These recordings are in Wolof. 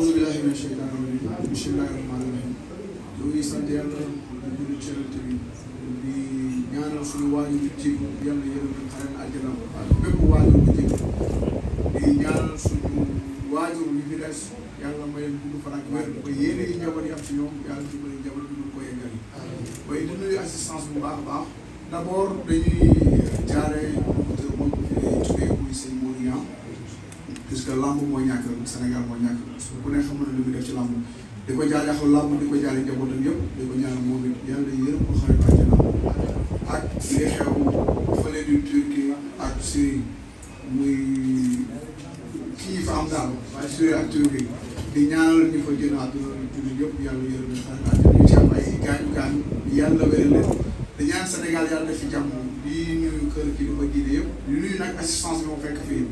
auzu billahi mina sheytaani rajiim bismillahi rahmaani rahiim ñu ngi sant yàlla di julli ci yonent bi di ñaanal suñu waajur bu jiitu yàlla yërëm waajur di ñaanal suñu waajur yi fi des yàlla may gudd fan ak wér ba yéene yi njaboot yi am ci ñoom yàlla dimbali njaboot bi ñu ko yeggali waaye assistance bu baax a baax dañuy puisque lamb mooy ñàkk Sénégal mooy ñàkk su ku ne xam na lu mu def ci lamb di ko jaale axul lamb di ko jaale njabootam yëpp di ko ñaanal moom it yàlla ko xarit ci lamb muy kii fa am daal waaye Syrie ak Turquie di ñaanal ñu fa jënd àdduna jullit yëpp yàlla yërëm leen xarit ñu ci am ay gaañu gaañu yàlla wéral leen di yëpp di nuyu nag assistance bi fekk fii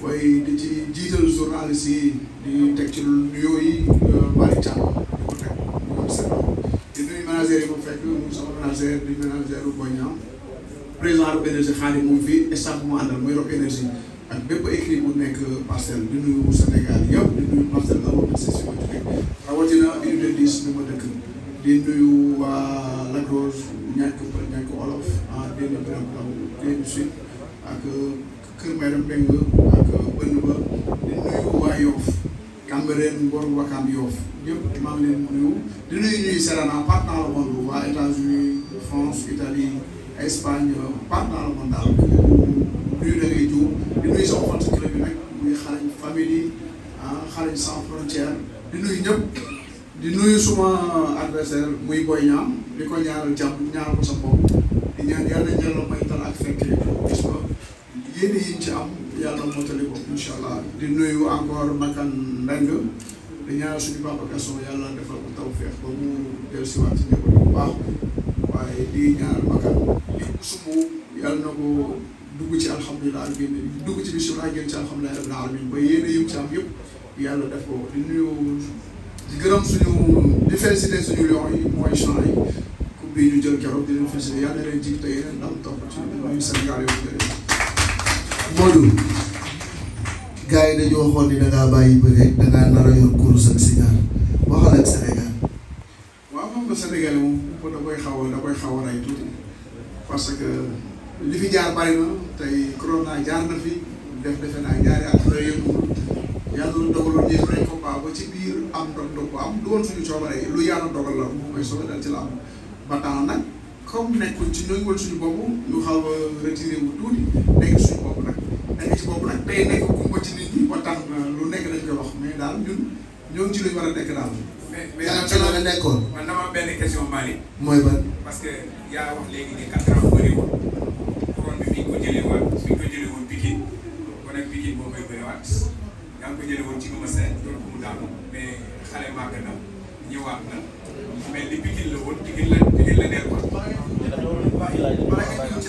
mooy di ci jiital journaliste yi di teg ci nuyoo yi euh, Malick Thiam di ko teg di ko seetloo di nuyu manager yi ma fekk moom sama manager di manager bu Boy Niang président Rock Énergie xaalis moom fii staff bu mu àndal mooy Rock Énergie ak bépp écrit bu nekk parcelle di nuyu Sénégal yëpp di nuyu parcelle la woon si si ma jógee rawatina unité 10 bi ma dëkk di nuyu waa Lac Rose ñàkk ñàkk olof ah dégg nga benn ak Kër Mayram Beng ak bënn ba di nuyu waa Yoof Cambérène Mbor Wakam Yoof ñëpp maa ngi leen nuyu di nuyu ñuy Serena partout dans le monde waa États-Unis France Italie Espagne partout dans le monde daal nuyu da ngay jiw di nuyu sama fan club bi nag muy xarañ famille ah xarañ sans frontière di nuyu ñëpp di nuyu suma adversaire muy Boy Niang di ko ñaanal jàpp ñaanal ko sa bopp di ñaan yàlla ñaanal may tal ak fekk yéen yiñ ci am yàlla mottali ko incha allah di nuyu encore Makan Mbengue di ñaanal suñu papa Gaston yàlla defal ko tawfeex ba mu dellusiwaat ci njaboot bu baax waaye di ñaanal Makan di sumb yàlla na ko dugg ci alhamdulilah génn dugg ci bisimilah génn ci alhamdulilah rabbil alamin ba yéen yim ci am yëpp yàlla def ko di nuyu di gërëm suñu di félicité suñu lion yi mooy champs yi bi ñu jël keroog di leen félicité yàlla na leen jig te yeneen Modou gars yi dañu waxoon ni bàyyi bëre da ngaa nar a yor kurus ak sigaar waxal Sénégal. waaw xam nga Sénégal moom da koy xaw da koy xaw a parce que li fi tuuti nekk suñu bopp nag. dañu boobu nag tey nekk kumpa ci nit ñi ba tax lu nekk dañ koy wax mais daal ñun ñoo ngi ci luñ war a nekk daal. mais mais ci la la nekkoon. man dama am benn question Malick. mooy ban. parce que yaa wax léegi ni quatre ans bëriwul. mi ngi ko mi ngi ko jëlee woon Pikine kon nag Pikine boo koy bëriwaat yaa ngi ko jëlee woon ci Eumeu Sène doon ko mu daanu mais xale màgg na ñëwaat na mais li Pikine la woon Pikine la Pikine la nekkoon.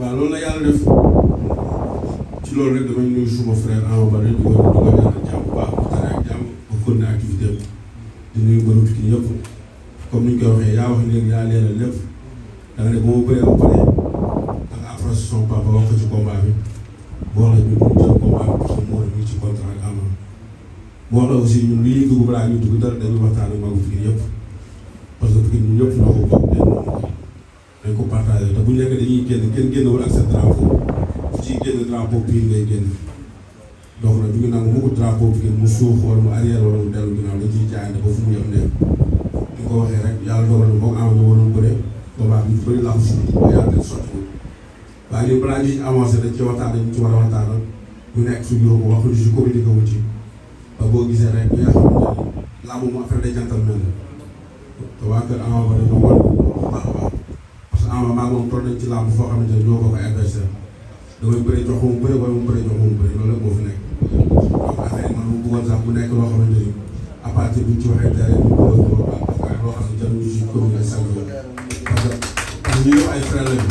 waaw loolu la yàlla def ci loolu rek damay nuyu suma frère Ama Baldé di ko di ko ñaanal jàmm bu baax waxtaan ak jàmm ba continuer activité bi di nuyu mbëru Pikine yëpp comme ni ñu koy waxee yaa wax léegi yaa leeral lépp da nga ne bu ma bëree ba pare da nga approché son papa wax ko ci combat bi boo xam ne ñun ñu jël combat bi parce que moo ñu ngi ci contrat ak Ama moo xam aussi ñun li ñuy dugg balaa ñuy dugg dara dañuy waxtaan ak magu Pikine yëpp parce que Pikine ñun ñëpp ñoo ko bokk dañ ko partagé te bu ñu nekk dañuy génn kenn génnewul ak sa drapeau fu ciy génn drapeau biir ngay génn donc nag du ñu nangu mu ko drapeau bi gën mu suuf wala mu arrière wala mu dellu ginnaaw dañ ciy jaayante ba fu mu yem nekk ñu ko waxee rek yàlla dogal na moom am na waroon bëre combat bi ñu bëri laxu si yàlla def sotti waaye ñun balaa ñuy avancé dañ ci waxtaan dañ ci war a waxtaan ñu nekk suñu yóbbu wax lu ci communiqué wu ci ba boo gisee rek bi nga xam ne làmb mu affaire day jantal mel na te waa kër Ama Baldé dañoo war a baax a baax ama maa ngi moom toll nañ ci làmb foo xamante ne ñoo bokk adversaire damay bëri jox mu bëri wala mu bëri jox mu bëri loolu la moo fi nekk donc affaire yi man mu bëggoon sax bu nekk loo xamante ni à partir bu ñu ci waxee dara ñu bëgg ko waaye loo xam ne jarul ñu si communiqué sax parce que ñu ay frère lañu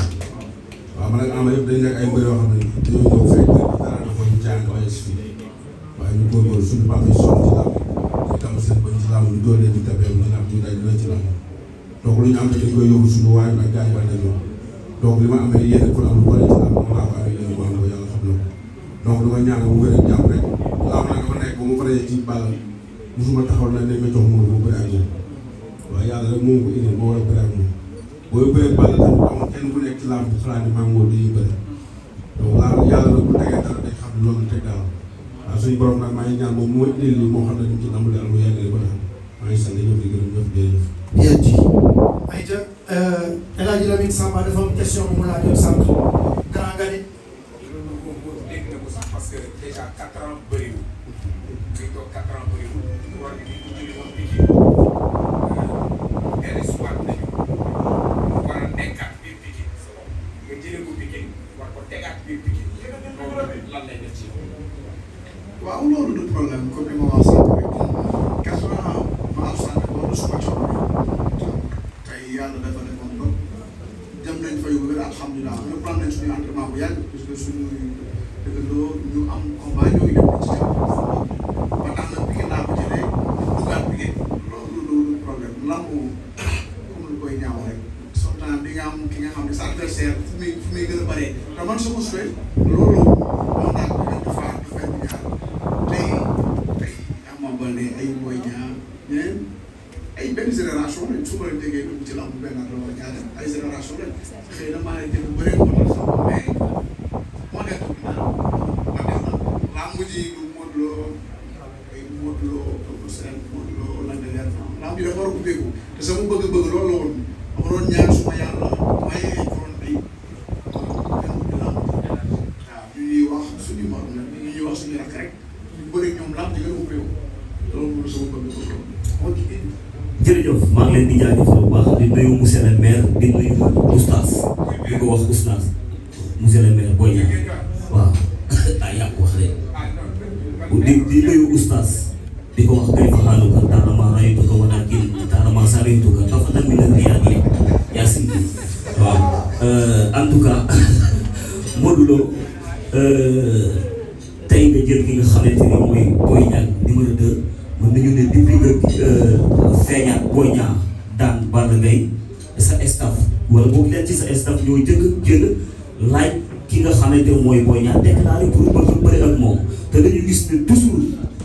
waaw man ak ama yëpp dañ nekk ay mbër yoo xam ne dañoo ñëw fekk dara dafa ñu jàng ba yegg si waaye ñu góorgóorlu suñu papa yi sonn ci làmb ñu tam seen bëñ ci làmb ñu dooleel ñu tabee ñu nag ñu daj la ci làmb donc lu ñu am dañ koy yóbbu suñu waaye nag gars yi bari nañu donc li ma amee yéen pour am lu bari ci am moom laa ko amee yéen ko am ko yàlla xam na donc lu ma ñaan bu wér ak jàpp rek laaw nag dama nekk bu ma paree ci bàll musuma taxaw na ne ma jox moom bu bëri ak moom waaye yàlla rek moom ko indi moo war a bëri ak moom booy bëri bàll tam amul kenn bu nekk ci làmb xalaat ni maa ngi woon dañuy bëri donc laa yàlla nag bu tegee dara day xam ne loolu teg daal waaw suñu borom nag maa ngi ñaan moom moo indil lii moo xam ne dañ ci amul daal mu yàgg ba tax maa ngi sant ñëpp di gërëm ñëpp jërëjëf ayca euh, El Hadj Lamine Samba dafa am question bu mu laajoon sànq. grand nga ni. loolu moom dégg na ko bi kii. dellu si waat a nekkaat biir alhamdulilah reprendre nañ suñu entraînement bu yàgg puisque suñu dëkkandoo ñu am combat ñooy yëpp ci jàpp ba tax na Pikine laa ko jëlee dugaat Pikine loolu loolu problème lamb comme lu koy ñaaw rek sometimes di nga am ki nga xam ne sa adversaire fu muy fu muy gën a bëree te man sama souhait loolu xam ne su ma leen déggee dugg ci la am benn at la wala ñaari ay génération lañ xëy na maa ngi dégg bëree ko doon xam mais moo nekk bi daal ma def na làmb ji du Modou Lo ay Modou Lo Modou Lo lan la leer naa làmb ji dafa war a ubbeeku te sama bëgg-bëgg loolu la woon nuyu monsieur le maire di nuyu oustaz di ko wax oustaz monsieur le maire waaw ah yaa wax rek di di nuyu oustaz di ko wax kay faxaalu ka taarama raytu ka wala kin taarama saraytu ka tafatan min al riyaadi yaa si waaw euh, en tout cas Modou euh, tey nga jël ki nga xamante ni mooy Boy Niang numéro 2 mën nañu ne depuis nga euh, feeñaat Boy Niang Balla Gaye sa staff wala boog leen ci sa staff ñoo jëkk génn laaj ki nga xamante mooy Boy Niang déclaré pour bëgg bëri ak moom te dañu gis ne toujours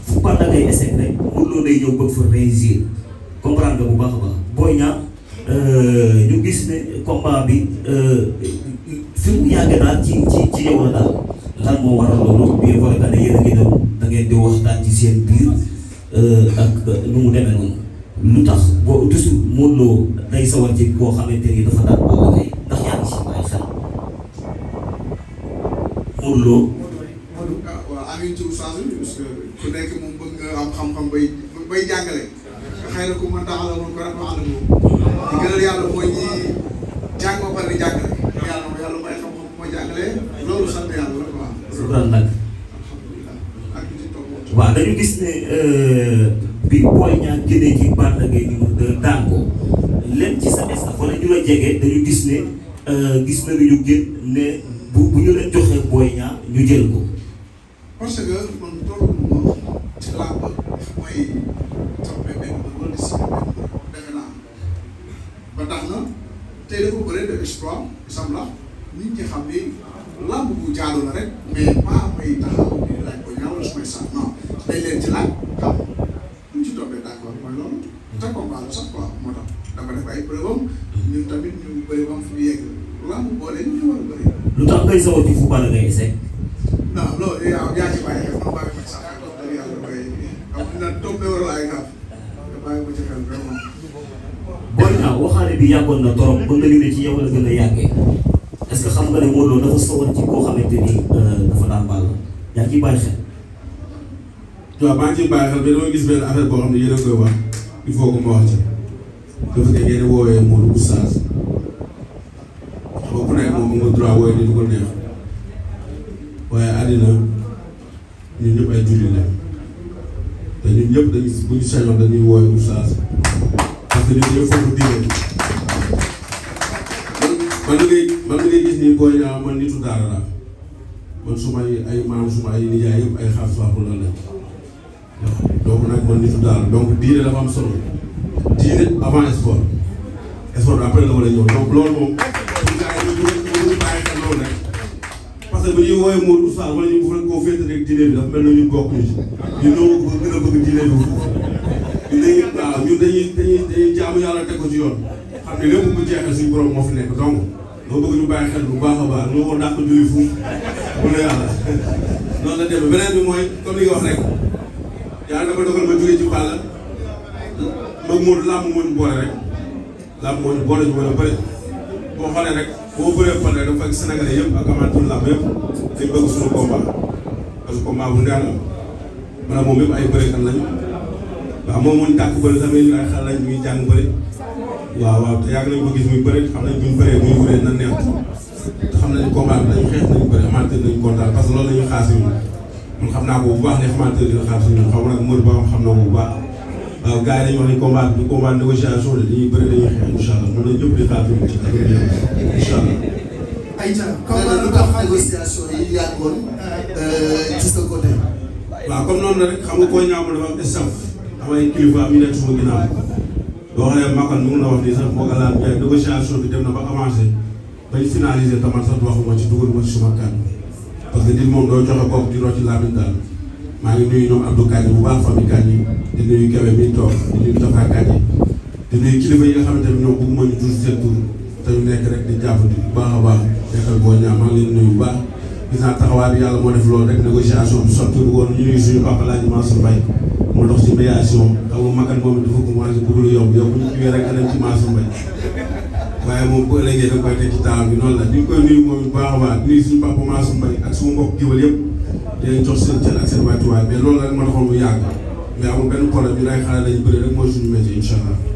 fu Balla Gaye échec rek Modou Lo day ñëw bëgg fa réussir comprendre nga bu baax a baax Boy euh, gis ne combat bi euh, fi mu yàgg daal ci ci ci daal lan moo waral loolu bien vrai que ne yéen a ngi dem da ngeen di waxtaan ci seen biir euh, ak nu mu demee lu tax boo toujours mënuloo day sawar ci koo xamante ni dafa daan boo ko ndax yaa ngi si bàyyi xel mënuloo. Ah, waaw amiin ci oustaz bi parce que ku nekk moom bëgg nga am xam-xam bay bay jàngale. xëy na ku mën tax la ko rek wax la moom. di gënal yàlla mooy ñi jàng ba pare di jàngale. yàlla mooy yàlla mooy xam-xam mooy jàngale loolu sant yàlla la quoi. alhamdulilah ak li ci toog waaw dañu gis ne. Euh, bi Boy Niang jëlee ci Balla Gaye numéro 2 daan ko leen ci sa staff wala ñu la jege dañu gis ne euh, gis nañu ñu gën ne bu bu ñu leen joxee Boy Niang jël ko. ba loolu si defe naa ba tax na sam la nit ñi xam ne làmb bu jaalu rek mais pas may taxaw di laaj ko ñaaw la su may sax non dañ te combat la sax quoi moo tax dama def ay preuve am ñun tamit ñu bëri am fu ñu yegg lamb boole ñu ñu war a bëri. lu tax ngay sawar ci fu Balla Gaye ese. non loolu yaa yaa ci bàyyi xel man bàyyi ko ci sax ak toog dëgg yàlla koy am na toog ne wala ay gaaf nga bàyyi ko ci xel vraiment. booy naa waxaale bi yàggoon na trop ba nga ne ci yow la gën a yàggee est-ce que xam nga ne Modou Lo dafa sawar ci koo xamante ni euh, dafa daan Balla yaa ngi ciy bàyyi xel. waaw maa ngi ciy bàyyi xel mais dama gis benn affaire boo xam ne yéen a koy wax. il faut que ma wax ci dafa ne ngeen woowee Modou Oustaz boo ku nekk ni du ko neex waaye àddina ñun ñëpp ay julli lañ te ñun ñëpp dañuy bu ñu sañoon dañuy wooye Oustaz parce que ñun ñëpp foofu diine man man ni booy naa man nitu daara la man suma ay maam suma ay nijaay yëpp ay xaar saaku la donc nag man nitu daal donc diine dafa am solo diine avant sport sport après la war a ñëw donc loolu moom. parce que bu ñuy woowee Modou Sarr wala ñu bëgg koo féete rek diine bi dafa mel ni ñu bokk ñu ñu ñoo ko gën a bëgg diine bi ñun dañuy waaw ñun dañuy dañuy dañuy jaamu yàlla teg ko ci yoon xam ne lépp bu jeexee suñu borom moo fi nekk donc loo bëgg ñu bàyyi xel bu baax a baax loo ko dàq julli fu mu ne yàlla noonu la demee beneen bi mooy comme li nga wax rek. yàlla dafa dogal ma jógee ci Balla mag Modou làmb moo ñu boole rek làmb moo ñu boole ñu mën a bëri boo xoolee rek boo bëree fan rek dafa fekk Sénégalais yëpp ak amatul làmb yëpp dañ bëgg suñu combat parce que combat bu neex la maanaam moom yëpp ay bërekat lañu waaw moom moo ñu tàkk bëri tamit ñu ay xale lañ ñu ngi jàng bëri waaw ba te yàgg nañ ko gis muy bëri xam nañ bu ñu bëree bu ñu bëree na neex te xam nañ combat bi dañu xeex nañu bëri amatul nañu kontaan parce que loolu la ñuy xaas man xam naa ko bu baax ne xamante ne xaar si ñun xaw ma nag mër ba xam naa ko bu baax waaw gars yi dañuy wax ni combat bi combat négociation la dañuy bëri dañuy xeex incha allah moom la ñëpp di xaar ci ak incha allah. ayca combat lu tax négociation yi yàggoon euh, ci sa côté. waaw comme noonu la rek xam nga koo ñaaw ma dafa am staff am ay kilifa am yu nekk suma ginnaaw boo xam ne Makan mu ngi la wax nii sax moo ko laal négociation bi dem na ba avancé bañ finaliser tamit sax waxuma ci dugal ma ci suma kàddu parce que nit moom doo joxe bopp di rocci laamin daal maa ngi nuyu ñoom Abdou Kane bu baax famille Kane yi nga xamante ne ñoom bëgguma ñu tudd seen tur te ñu nekk rek di jàpp di bu baax a baax nekkal boo ñaa maa ngi leen nuyu bu baax gis naa taxawaay bi yàlla moo def loolu rek négociation sotti woon ñu nuyu suñu papa Laaji Mansour Mbaye moo dox ci médiation xam nga makan moom it dafa commencé bëgg lu yomb yow bu ñu rek danañ ci Mansour Mbaye waaye moom bu ëllëgee da nga koy teg ci bi noonu la ñu koy nuyu moom bu baax a baax nuyu suñu papa Mansour Mbaye ak suñu mbokk géwël yëpp di leen jox seen cër ak seen wàccuwaay mais loolu la ma taxoon mu yàgg mais amul benn problème ñu lay xale dañu bëri rek mooy suñu métier incha allah